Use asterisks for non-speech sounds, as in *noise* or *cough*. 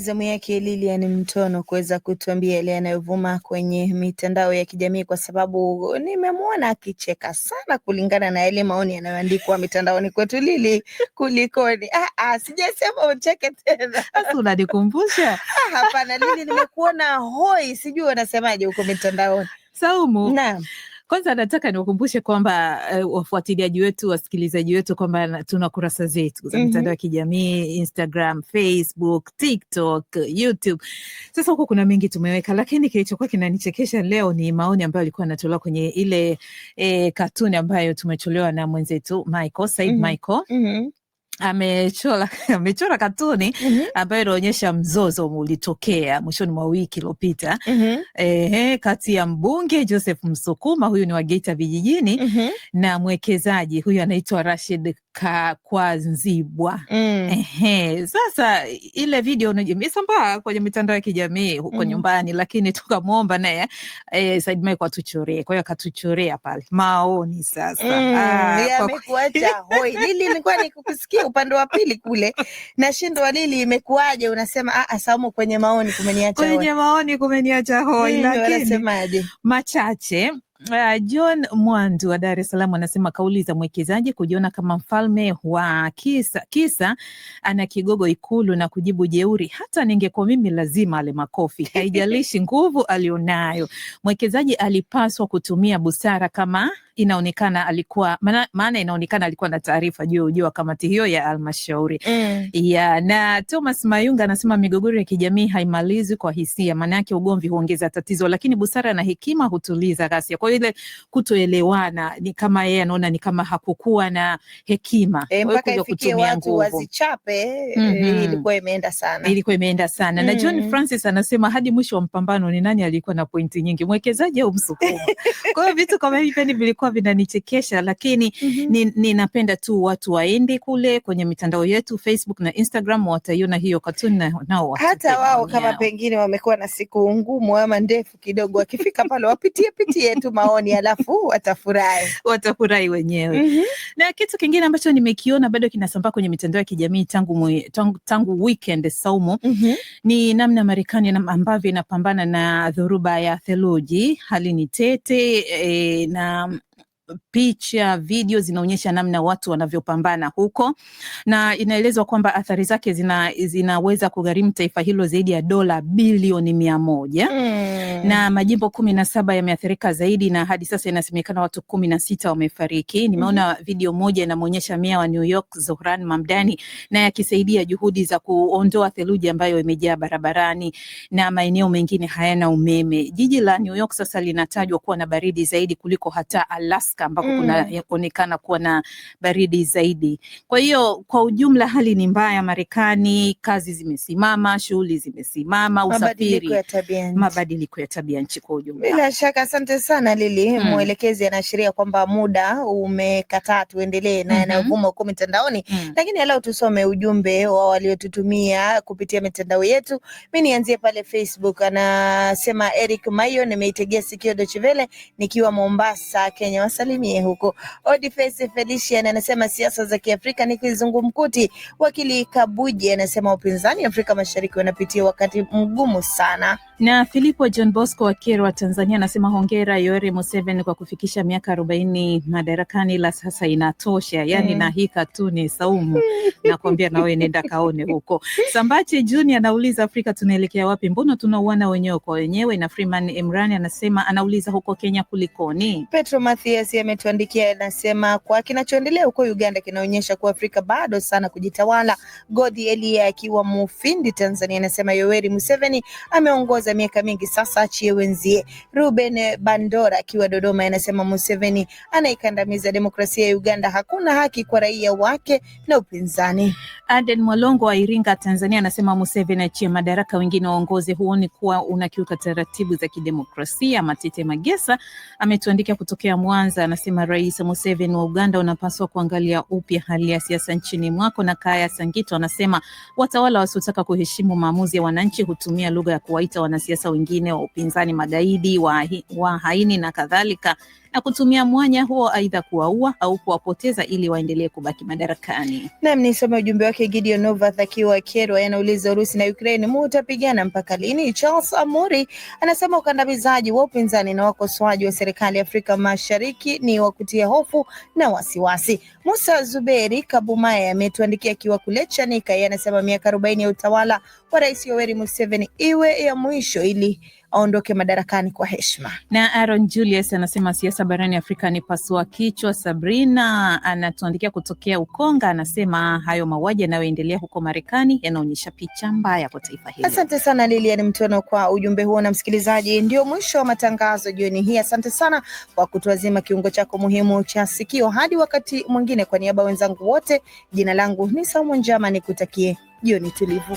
zamu yake Lilian Mtono kuweza kutuambia yale yanayovuma kwenye mitandao ya kijamii, kwa sababu nimemwona akicheka sana kulingana na yale maoni yanayoandikwa mitandaoni kwetu. Lili, kulikoni? Ah, ah, sijasema ucheke tena, unanikumbusha. Ah, hapana Lili, nimekuona hoi, sijui wanasemaje huko mitandaoni. Saumu, naam kwanza nataka niwakumbushe kwamba uh, wafuatiliaji wetu, wasikilizaji wetu kwamba tuna kurasa zetu za mhm. mitandao mm -hmm. ya kijamii Instagram, Facebook, TikTok, YouTube. Sasa huko kuna mengi tumeweka, lakini kilichokuwa kinanichekesha leo ni maoni ambayo alikuwa anatolewa kwenye ile eh, katuni ambayo tumetolewa na mwenzetu Michael Said mhm. Michael mm -hmm amechora *laughs* amechora katuni mm -hmm. ambayo inaonyesha mzozo ulitokea mwishoni mwa wiki iliyopita mm -hmm. eh, kati ya mbunge Joseph Msukuma, huyu ni wa Geita vijijini mm -hmm. na mwekezaji huyu anaitwa Rashid Kakwanzibwa mm. sasa ile video imesambaa kwenye mitandao ya kijamii huko mm nyumbani, lakini tukamwomba naye eh, Said Mike atuchorea, kwa hiyo akatuchorea pale maoni sasa mm. ah, kwa... hoi lili nilikuwa nikukusikia *laughs* upande wa pili kule na shindo walili imekuaje? Unasema ah, ah, Saumu, kwenye maoni kumeniacha hoi, kwenye maoni kumeniacha hoi, lakini Machache Uh, John Mwandu wa Dar es Salaam anasema kauli za mwekezaji kujiona kama mfalme wa kisa, kisa ana kigogo Ikulu na kujibu jeuri, hata ningekuwa mimi lazima ale makofi, *laughs* haijalishi nguvu alionayo. Mwekezaji alipaswa kutumia busara kama inaonekana alikuwa maana, inaonekana alikuwa na taarifa juu ya ujio wa kamati hiyo ya halmashauri mm. Yeah, na Thomas Mayunga anasema migogoro ya kijamii haimalizi kwa hisia, maana yake ugomvi huongeza tatizo, lakini busara na hekima hutuliza ghasia. Kwa hiyo ile kutoelewana ni kama yeye anaona ni kama hakukuwa na hekima e, mpaka ifikie watu wazichape. mm -hmm. Ilikuwa imeenda sana, ilikuwa imeenda sana mm -hmm. Na John mm. Francis anasema hadi mwisho wa mpambano ni nani alikuwa na pointi nyingi, mwekezaji au msukumo *laughs* Kwa hiyo vitu kama hivi yani vilikuwa vinanichekesha, lakini mm -hmm. ninapenda ni tu watu waende kule kwenye mitandao yetu Facebook na Instagram, wataiona hiyo katuni na nao hata wao kama pengine wamekuwa na siku ngumu ama ndefu kidogo, wakifika pale wapitie pitie tu maoni, alafu watafurahi *laughs* watafurahi wenyewe mm -hmm. Na kitu kingine ambacho nimekiona bado kinasambaa kwenye mitandao ya kijamii tangu, mwe, tangu, tangu weekend Saumu mm -hmm. ni namna Marekani ambavyo inapambana na dhoruba ya theluji. Hali ni tete e, na picha, video zinaonyesha namna watu wanavyopambana huko, na inaelezwa kwamba athari zake zina, zinaweza kugharimu taifa hilo zaidi ya dola bilioni mia moja mm. na majimbo kumi na saba yameathirika zaidi, na hadi sasa inasemekana watu kumi na sita wamefariki. Nimeona mm. video moja inamwonyesha meya wa New York Zohran Mamdani naye akisaidia juhudi za kuondoa theluji ambayo imejaa barabarani na maeneo mengine hayana umeme. Jiji la New York sasa linatajwa kuwa na baridi zaidi kuliko hata Alaska Alaska ambako mm. kuna kuonekana kuwa na baridi zaidi. Kwa hiyo kwa ujumla hali ni mbaya Marekani, kazi zimesimama, shughuli zimesimama, usafiri, mabadiliko ya tabia nchi kwa ujumla. Bila shaka, asante sana Lili. mm. Mwelekezi anaashiria kwamba muda umekataa tuendelee na mhm. yanayovuma mm -hmm. huko mitandaoni mm. lakini alau tusome ujumbe wa waliotutumia kupitia mitandao yetu. Mi nianzie pale Facebook, anasema Eric Mayo, nimeitegea sikio Dochivele nikiwa Mombasa, Kenya. Wasalamu tusalimie huko. Odifesi Felician anasema siasa za Kiafrika ni kizungumkuti. Wakili kabuji anasema upinzani Afrika Mashariki wanapitia wakati mgumu sana. Na Filipo John Bosco wa Kyerwa, Tanzania, anasema hongera Yoweri Museveni kwa kufikisha miaka arobaini madarakani, la sasa inatosha. Yani mm. Eh. nahika tu ni saumu nakwambia, nawe nenda kaone huko. Sambache Junior anauliza Afrika tunaelekea wapi? Mbona tunauana wenyewe kwa wenyewe? Na Freeman Imran anasema anauliza huko Kenya kulikoni? Petro Mathias ametuandikia anasema kwa kinachoendelea huko Uganda kinaonyesha kuwa Afrika bado sana kujitawala. Godi Elia akiwa Mufindi, Tanzania, anasema Yoweri Museveni ameongoza za miaka mingi sasa, achie wenzie. Ruben Bandora akiwa Dodoma anasema Museveni anaikandamiza demokrasia ya Uganda, hakuna haki kwa raia wake na upinzani. Aden Mwalongo wa Iringa, Tanzania anasema Museveni achie madaraka, wengine waongoze, huoni kuwa unakiuka taratibu za kidemokrasia? Matete Magesa ametuandikia kutokea Mwanza, anasema Rais Museveni wa Uganda unapaswa kuangalia upya hali ya siasa nchini mwako. Na Kaya Sangito anasema watawala wasiotaka kuheshimu maamuzi ya wananchi hutumia lugha ya kuwaita wana wanasiasa wengine wa upinzani magaidi wa, wa haini na kadhalika, na kutumia mwanya huo aidha kuwaua au kuwapoteza ili waendelee kubaki madarakani. Nam nisome ujumbe wake Gideon Novath akiwa Kerwa, anauliza Urusi na Ukraine mu utapigana mpaka lini? Charles Amuri anasema ukandamizaji wa upinzani na wakosoaji wa serikali ya Afrika Mashariki ni wa kutia hofu na wasiwasi. Musa Zuberi kabumae ametuandikia akiwa kule Chanika, yeye anasema miaka arobaini ya utawala wa Rais Yoweri Museveni iwe ya mwisho mwisho ili aondoke madarakani kwa heshima. Na Aaron Julius anasema siasa barani Afrika ni pasua kichwa. Sabrina anatuandikia kutokea Ukonga, anasema hayo mauaji yanayoendelea huko Marekani yanaonyesha picha mbaya kwa taifa hili. Asante sana Lilian Mtono kwa ujumbe huo, na msikilizaji, ndio mwisho wa matangazo jioni hii. Asante sana kwa kutuazima kiungo chako muhimu cha sikio. Hadi wakati mwingine, kwa niaba wenzangu wote, jina langu ni Saumu Njama, nikutakie jioni tulivu.